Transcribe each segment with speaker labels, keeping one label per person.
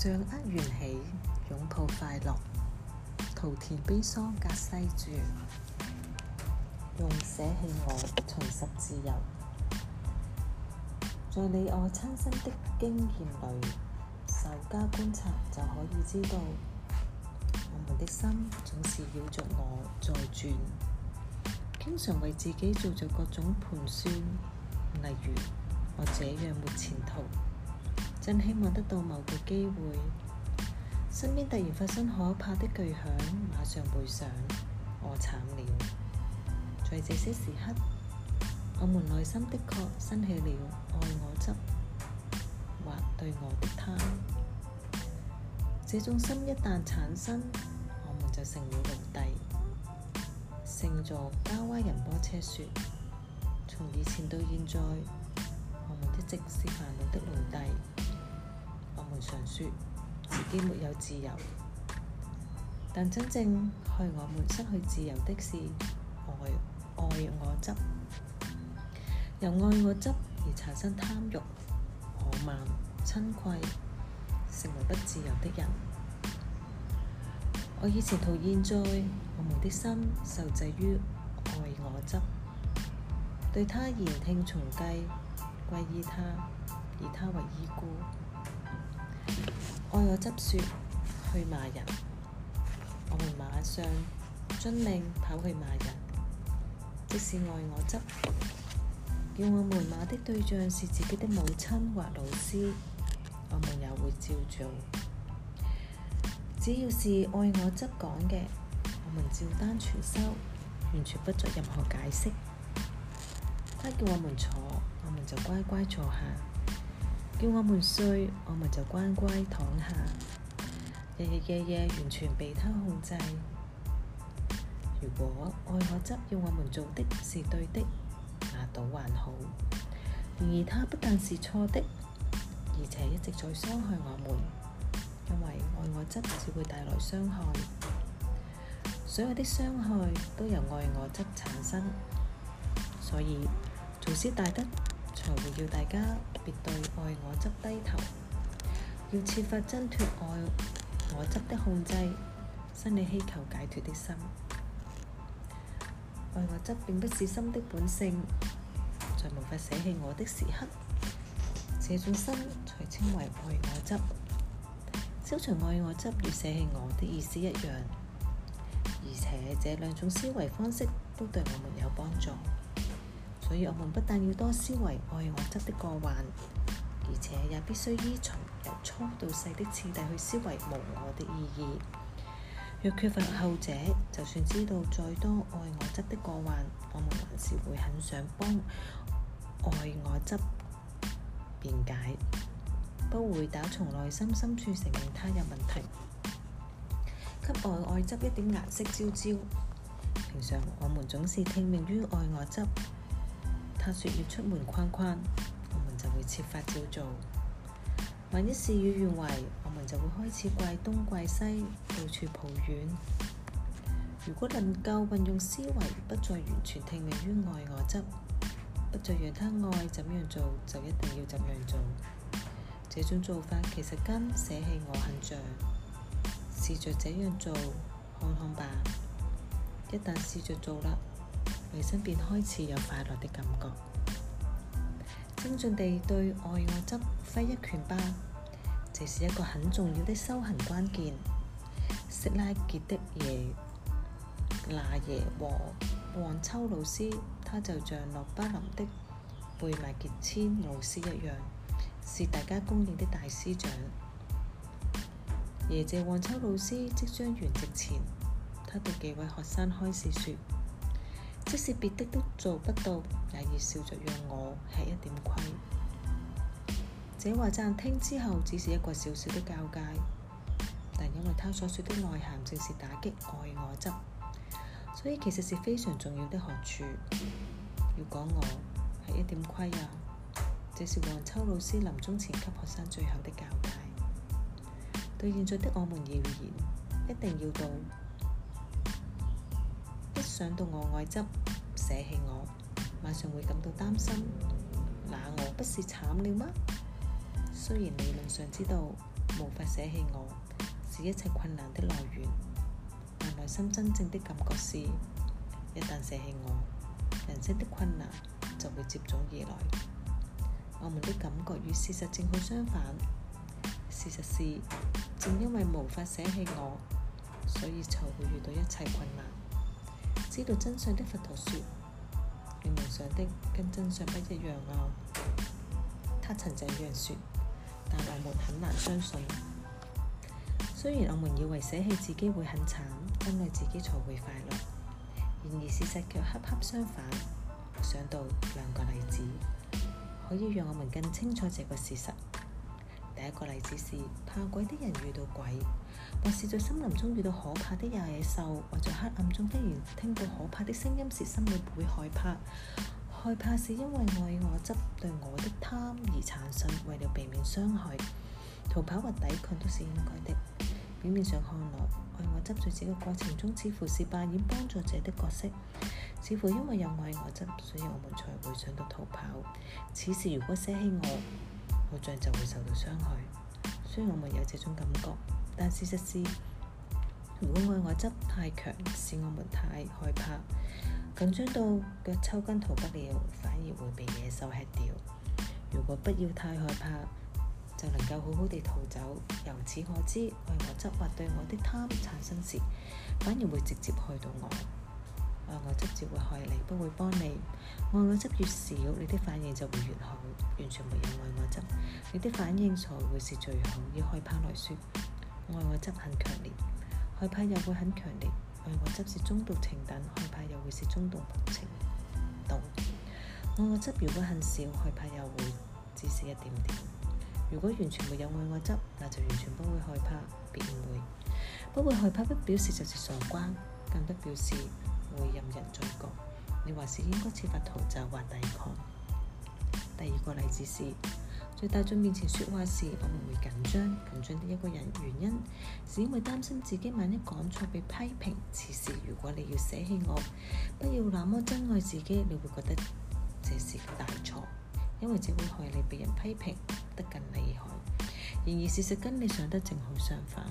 Speaker 1: 掌握緣起，擁抱快樂。桃田悲傷格西住，用捨棄我，重拾自由。在你我親身的經驗裏，稍加觀察就可以知道，我們的心總是繞着我在轉，經常為自己做着各種盤算，例如我這樣沒前途。真希望得到某個機會。身邊突然發生可怕的巨響，馬上回想：我慘「我慘了。在這些時刻，我們內心的確生起了愛我執或對我的貪。這種心一旦產生，我們就成了奴隸。聖座嘉瓦仁波切說：從以前到現在，我們一直是煩惱的奴隸。常說自己沒有自由，但真正害我們失去自由的是愛，愛我執，由愛我執而產生貪欲、我慢、嗔恚，成為不自由的人。我以前同現在，我們的心受制於愛我執，對他言聽從計，歸依他，以他為依怙。愛我執説去罵人，我們馬上遵命跑去罵人。即使愛我執叫我們罵的對象是自己的母親或老師，我們也會照做。只要是愛我執講嘅，我們照單全收，完全不作任何解釋。他叫我們坐，我們就乖乖坐下。叫我們睡，我們就乖乖躺下。日日夜夜完全被他控制。如果愛我執要我們做的是對的，那倒還好。然而他不但是錯的，而且一直在傷害我們，因為愛我執只會帶來傷害，所有的傷害都由愛我執產生。所以，祖師大德。才會叫大家別對愛我執低頭，要設法掙脫愛我執的控制。心理希求解脫的心，愛我執並不是心的本性。在無法捨棄我的時刻，這種心才稱為愛我執。消除愛我執與捨棄我的意思一樣，而且這兩種思維方式都對我們沒有幫助。所以，我們不但要多思維愛我執的過患，而且也必須依從由粗到細的次第去思維無我的意義。若缺乏後者，就算知道再多愛我執的過患，我們還是會很想幫愛我執辯解，不會打從內心深處承認他有問題，給愛我執一點顏色焦焦。平常我們總是聽命於愛我執。他說要出門逛逛，我們就會設法照做。萬一事與願違，我們就會開始怪東怪西，到處抱怨。如果能夠運用思維，不再完全聽命於愛我執，不再讓他愛怎樣做就一定要怎樣做，這種做法其實跟捨棄我很像。試着這樣做，看看吧。一旦試着做啦。內心便開始有快樂的感覺，精進地對外外側揮一拳吧，這是一個很重要的修行關鍵。色拉杰的耶那耶和黃秋老師，他就像諾巴林的貝麥傑千老師一樣，是大家公認的大師長。耶謝黃秋老師即將圓寂前，他對幾位學生開始說。即使別的都做不到，也要笑着讓我吃一點虧。這話乍聽之後只是一個小小的教戒，但因為他所說的內涵正是打擊愛我執，所以其實是非常重要的學處。如果我吃一點虧啊！這是黃秋老師臨終前給學生最後的教戒。對現在的我們而言，一定要懂。想到我外執，捨棄我，晚上會感到擔心，那我不是慘了嗎？雖然理論上知道無法捨棄我，是一切困難的來源，但內心真正的感覺是，一旦捨棄我，人生的困難就會接踵而來。我們的感覺與事實正好相反。事實是，正因為無法捨棄我，所以才會遇到一切困難。知道真相的佛陀說，你夢想的跟真相不一樣哦、啊。他曾這樣說，但我們很難相信。雖然我們以為捨棄自己會很慘，關愛自己才會快樂，然而事實卻恰恰相反。我想到兩個例子，可以讓我們更清楚這個事實。第一個例子是怕鬼的人遇到鬼，或是在森林中遇到可怕的野獸，或在黑暗中突然聽到可怕的聲音時，心裏會害怕。害怕是因為愛我執對我的貪而產生，為了避免傷害，逃跑或抵抗都是應該的。表面上看來，愛我執在這個過程中似乎是扮演幫助者的角色，似乎因為有愛我執，所以我們才會想到逃跑。此時如果捨棄我好像就會受到傷害，雖然我沒有這種感覺，但事實是，如果愛我執太強，使我們太害怕，緊張到腳抽筋逃不了，反而會被野獸吃掉。如果不要太害怕，就能夠好好地逃走。由此可知，愛我執或對我的貪產生時，反而會直接害到我。愛我執只會害你，不會幫你。愛我執越少，你的反應就會越好。完全沒有愛我執。你的反應才會是最好。以害怕來說，愛我執很強烈，害怕又會很強烈。愛我執是中度情淡，害怕又會是中度情。動愛我執如果很少，害怕又會只是一點點。如果完全沒有愛我執，那就完全不會害怕，別誤會。不會害怕不表示就是傻瓜，更不表示。會任人宰割，你還是應該設法逃走，或抵抗。第二個例子是，在大眾面前說話時，我唔會緊張，緊張的一個人原因是因為擔心自己萬一講錯被批評。此時如果你要捨棄我，不要那麼珍愛自己，你會覺得這是個大錯，因為只會害你被人批評得更厲害。然而事實跟你想得正好相反。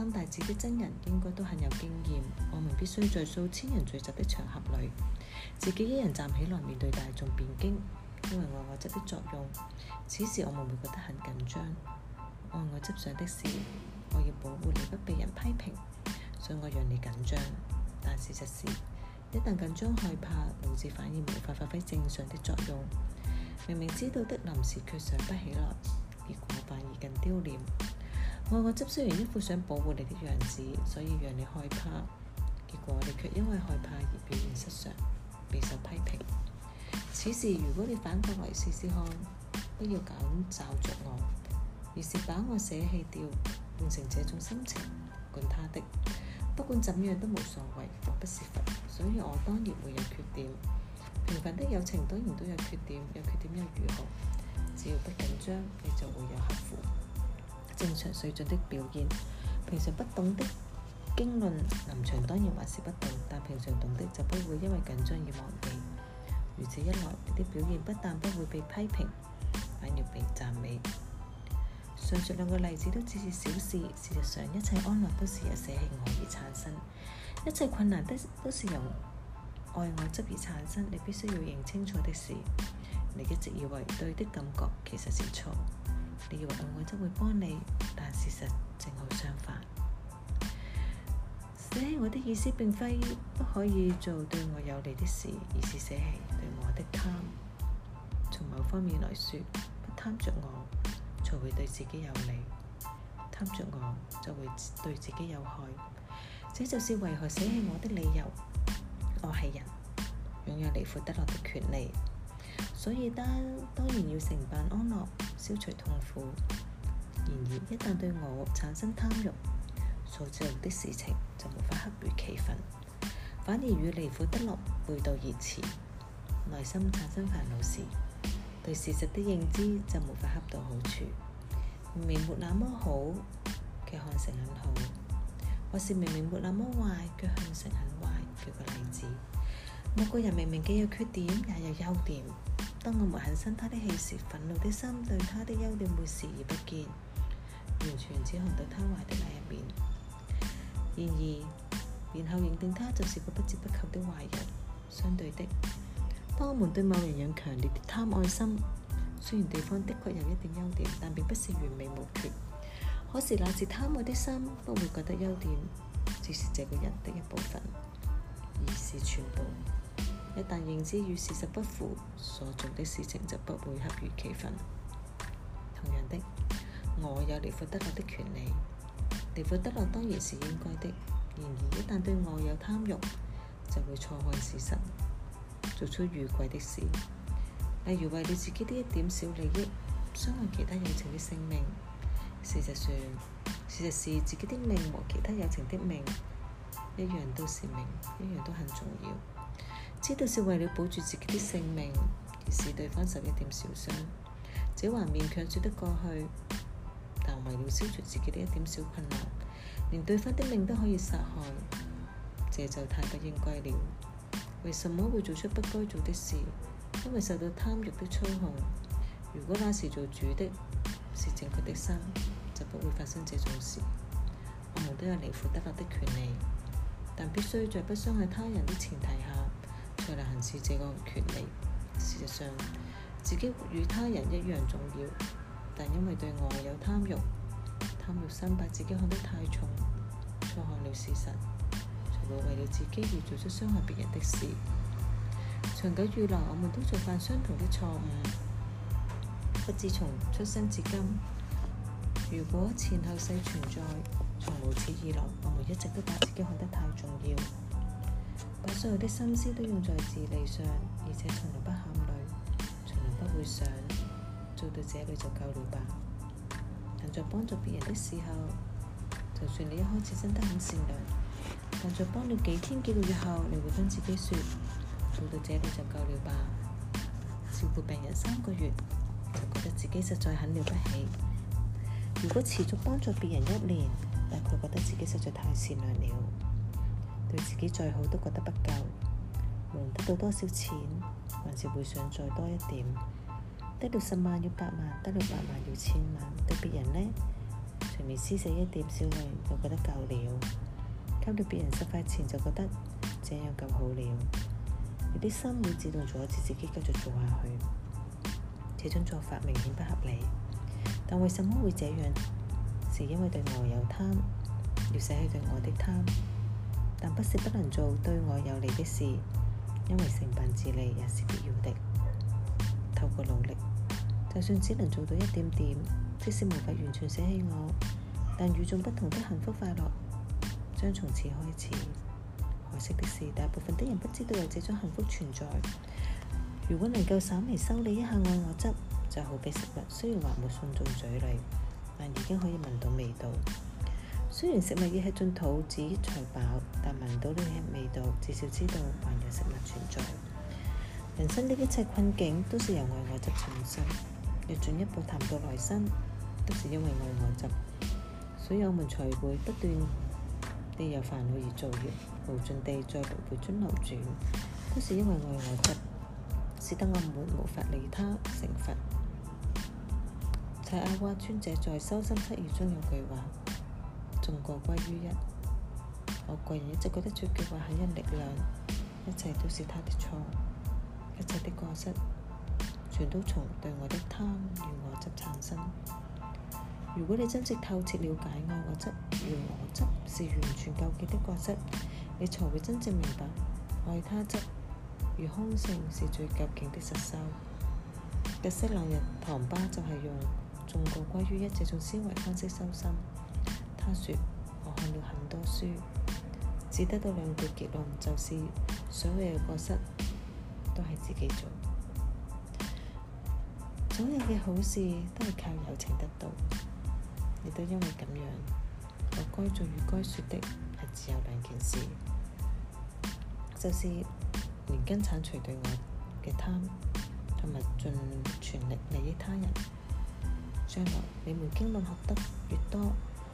Speaker 1: 三大字的真人應該都很有經驗，我們必須在數千人聚集的場合裏，自己一人站起來面對大眾辯經，因為我我執的作用，此時我們會覺得很緊張，我我執想的是，我要保護你不被人批評，所以我讓你緊張。但事實是，一旦緊張害怕，導致反而無法發揮正常的作用。明明知道的臨時卻想不起來，結果反而更丟臉。哦、我執雖然一副想保護你的樣子，所以讓你害怕，結果你卻因為害怕而表現失常，備受批評。此時如果你反過來試試看，不要咁罩着我，而是把我捨棄掉，變成這種心情，管他的。不管怎樣都無所謂，我不是佛，所以我當然會有缺點。平凡的友情當然都有缺點，有缺點又如何？只要不緊張，你就會有客戶。正常水準的表現，平常不懂的經論，臨場當然還是不懂。但平常懂的，就不會因為緊張而忘記。如此一來，你的表現不但不會被批評，反而被讚美。上述兩個例子都只是小事，事實上一切安樂都是由捨棄我愛而產生，一切困難的都是由愛我執而產生。你必須要認清楚的是，你一直以為對的感覺，其實是錯。你以為我則會幫你，但事實正好相反。捨棄我的意思並非不可以做對我有利的事，而是捨棄對我的貪。從某方面來說，不貪着我，才會對自己有利；貪着我，就會對自己有害。這就是為何捨棄我的理由。我係人，擁有離苦得樂的權利，所以當當然要承辦安樂。消除痛苦。然而，一旦對我產生貪欲，所做的事情就無法恰如其分，反而與離苦得樂背道而馳。內心產生煩惱時，對事實的認知就無法恰到好處。明明沒那麼好，卻看成很好；或是明明沒那麼壞，卻看成很壞。舉個例子，每個人明明既有缺點，也有優點。當我們很生他的氣時，憤怒的心對他的優點會視而不見，完全只看到他壞的那一面。然而，然後認定他就是個不折不扣的壞人。相對的，當我們對某人有強烈的貪愛心，雖然對方的確有一定優點，但並不是完美無缺。可是，那隻貪愛的心不會覺得優點只是這個人的一部分，而是全部。一旦認知與事實不符，所做的事情就不會恰如其分。同樣的，我有離苦得樂的權利，離苦得樂當然是應該的。然而，一旦對我有貪欲，就會錯看事實，做出愚鬼的事，例如為了自己的一點小利益，傷害其他友情的性命。事實上，事實是自己的命和其他友情的命一樣都是命，一樣都是命，一樣都很重要。知道是為了保住自己的性命，而使對方受一點小傷，這還勉強說得過去。但為了消除自己的一點小困難，連對方的命都可以殺害，這就太不應該了。為什麼會做出不該做的事？因為受到貪欲的操控。如果那是做主的，是正確的心，就不會發生這種事。我們都有離苦得法的權利，但必須在不傷害他人的前提下。去行使這個權利，事實上，自己與他人一樣重要，但因為對我有貪欲，貪欲心把自己看得太重，錯看了事實，才會為了自己而做出傷害別人的事。長久以來，我們都做犯相同的錯誤。不，自從出生至今，如果前後世存在，從無始以來，我們一直都把自己看得太重要。把所有的心思都用在自利上，而且從來不考慮，從來不會想做到這裏就夠了吧？但在幫助別人的時候，就算你一開始真的很善良，但在幫了幾天幾個月後，你會跟自己說做到這裏就夠了吧？照顧病人三個月就覺得自己實在很了不起，如果持續幫助別人一年，那會覺得自己實在太善良了。對自己再好都覺得不夠，無論得到多少錢，還是會想再多一點。得到十萬要百萬，得到百萬要千萬。對別人呢？隨便施捨一點小利就覺得夠了，給到別人十塊錢就覺得這樣夠好了。你的心會自動阻止自己繼續做下去。這種做法明顯不合理，但為什麼會這樣？是因為對外有貪，要捨棄對外的貪。但不是不能做對我有利的事，因為成本自利也是必要的。透過努力，就算只能做到一點點，即使無法完全捨棄我，但與眾不同的幸福快樂將從此開始。可惜的是，大部分的人不知道有這種幸福存在。如果能夠稍微修理一下愛我執，就好比食物，雖然還沒送進嘴裏，但已經可以聞到味道。雖然食物要吃進肚子才飽，但聞到呢啲味道，至少知道還有食物存在。人生的一切困境都是由我愛執產生，要進一步談到來生，都是因為我愛執，所以我們才會不斷地由煩惱而造業，無盡地在輪迴中流轉，都是因為我愛執，使得我們無法利他成佛。切喀瓦尊者在《修心七義》中有句話。眾過歸於一，我個人一直覺得這句話很有力量，一切都是他的錯，一切的過失，全都從對我的貪與我執產生。如果你真正透徹了解愛我執與我執是完全糾結的過失，你才會真正明白愛他執與空性是最究竟的實修。格西朗日塘巴就係用「眾過歸於一」這種思維方式修心。他說，我看了很多書，只得到兩句結論，就是所有嘅過失都係自己做，所有嘅好事都係靠友情得到。亦都因為咁樣，我該做與該說的係只有兩件事，就是連根鏟除對外嘅貪，同埋盡全力利益他人。將來你們經歷學得越多。